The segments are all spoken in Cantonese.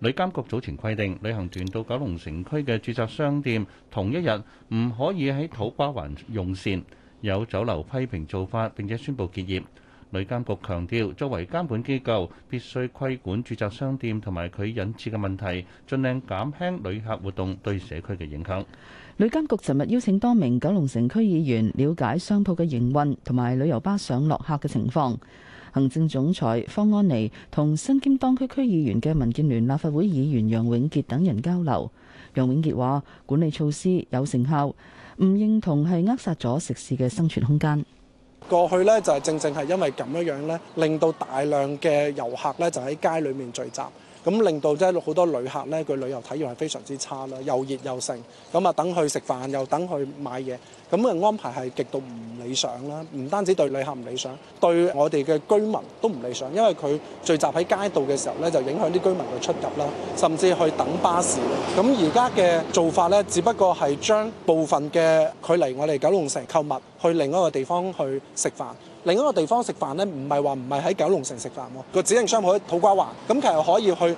旅監局早前規定，旅行團到九龍城區嘅註冊商店，同一日唔可以喺土瓜灣用膳。有酒樓批評做法，並且宣布結業。旅監局強調，作為監管機構，必須規管註冊商店同埋佢引致嘅問題，盡量減輕旅客活動對社區嘅影響。旅監局尋日邀請多名九龍城區議員了解商鋪嘅營運同埋旅遊巴上落客嘅情況。行政總裁方安妮同身兼當區區議員嘅民建聯立法會議員楊永杰等人交流。楊永杰話：管理措施有成效，唔認同係扼殺咗食肆嘅生存空間。過去呢就係正正係因為咁樣樣呢令到大量嘅遊客呢就喺街裏面聚集。咁令到即係好多旅客咧，佢旅遊體驗係非常之差啦，又熱又盛，咁啊等去食飯，又等去買嘢，咁嘅安排係極度唔理想啦。唔單止對旅客唔理想，對我哋嘅居民都唔理想，因為佢聚集喺街道嘅時候咧，就影響啲居民嘅出入啦，甚至去等巴士。咁而家嘅做法咧，只不過係將部分嘅佢嚟我哋九龍城購物，去另一個地方去食飯，另一個地方食飯咧，唔係話唔係喺九龍城食飯喎，那個指定商鋪喺土瓜灣，咁其實可以去。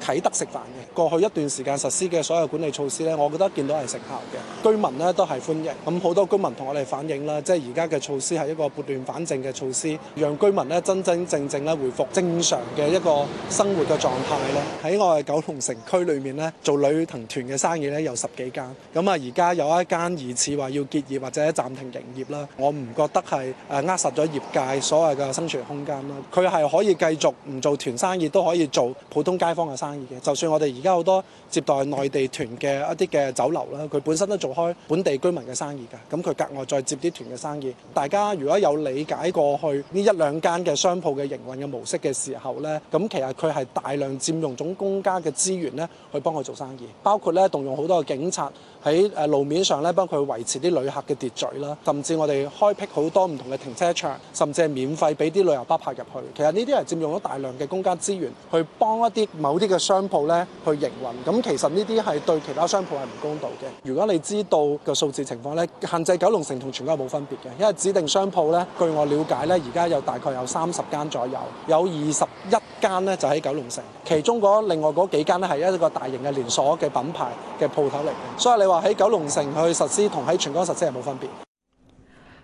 啟德食飯嘅過去一段時間實施嘅所有管理措施咧，我覺得見到係成效嘅，居民咧都係歡迎。咁好多居民同我哋反映啦，即係而家嘅措施係一個撥亂反正嘅措施，讓居民咧真真正正咧回復正常嘅一個生活嘅狀態咧。喺我哋九龍城區裏面咧，做旅行團嘅生意咧有十幾間，咁啊而家有一間疑似話要結業或者暫停營業啦，我唔覺得係呃扼實咗業界所謂嘅生存空間啦。佢係可以繼續唔做團生意都可以做普通街坊嘅。生意嘅，就算我哋而家好多接待內地團嘅一啲嘅酒樓啦，佢本身都做開本地居民嘅生意嘅，咁佢格外再接啲團嘅生意。大家如果有理解過去呢一兩間嘅商鋪嘅營運嘅模式嘅時候咧，咁其實，佢係大量佔用總公家嘅資源咧，去幫佢做生意。包括咧動用好多嘅警察喺誒路面上咧幫佢維持啲旅客嘅秩序啦，甚至我哋開闢好多唔同嘅停車場，甚至係免費俾啲旅遊巴泊入去。其實呢啲係佔用咗大量嘅公家資源去幫一啲某啲嘅。嘅商鋪咧去營運，咁其實呢啲係對其他商鋪係唔公道嘅。如果你知道個數字情況呢，限制九龍城同全港冇分別嘅，因為指定商鋪呢，據我了解呢，而家有大概有三十間左右，有二十一間呢就喺九龍城，其中嗰另外嗰幾間咧係一個大型嘅連鎖嘅品牌嘅鋪頭嚟嘅。所以你話喺九龍城去實施同喺全港實施係冇分別。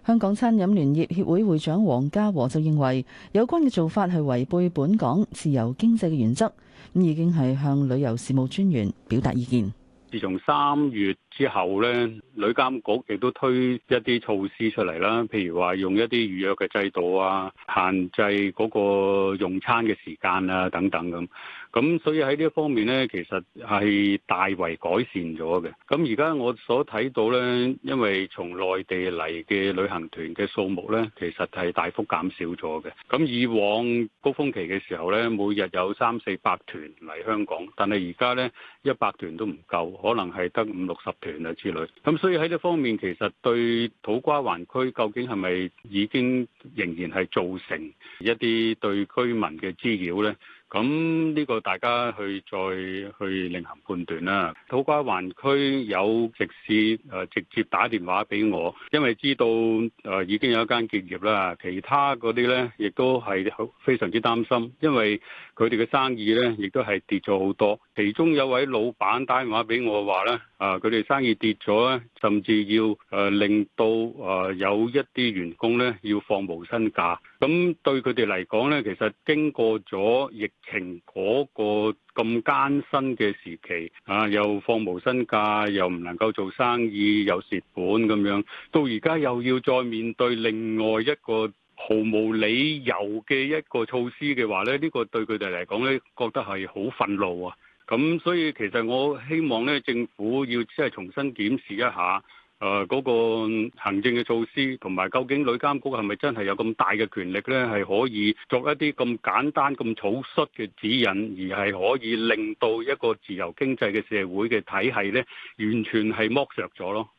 香港餐飲聯業協會會長黃家和就認為，有關嘅做法係違背本港自由經濟嘅原則，咁已經係向旅遊事務專員表達意見。自從三月之後呢，旅監局亦都推一啲措施出嚟啦，譬如話用一啲預約嘅制度啊，限制嗰個用餐嘅時間啊，等等咁。咁所以喺呢一方面呢，其實係大為改善咗嘅。咁而家我所睇到呢，因為從內地嚟嘅旅行團嘅數目呢，其實，係大幅減少咗嘅。咁以往高峰期嘅時候呢，每日有三四百團嚟香港，但係而家呢，一百團都唔夠，可能係得五六十團啊之類。咁所以喺呢方面，其實對土瓜灣區究竟係咪已經仍然係造成一啲對居民嘅滋擾呢？咁呢個大家去再去另行判斷啦。土瓜灣區有食肆誒，直接打電話俾我，因為知道誒，已經有一間結業啦。其他嗰啲呢，亦都係好非常之擔心，因為佢哋嘅生意呢，亦都係跌咗好多。其中有位老闆打電話俾我話呢，啊，佢哋生意跌咗咧，甚至要誒令到誒有一啲員工呢要放無薪假。咁對佢哋嚟講呢，其實經過咗疫情嗰個咁艱辛嘅時期，啊，又放無薪假，又唔能夠做生意，又蝕本咁樣，到而家又要再面對另外一個毫無理由嘅一個措施嘅話呢，呢個對佢哋嚟講呢覺得係好憤怒啊！咁所以其實我希望呢政府要即係重新檢視一下。誒嗰、呃那個行政嘅措施，同埋究竟旅監局係咪真係有咁大嘅權力呢？係可以作一啲咁簡單、咁草率嘅指引，而係可以令到一個自由經濟嘅社會嘅體系呢，完全係剝削咗咯。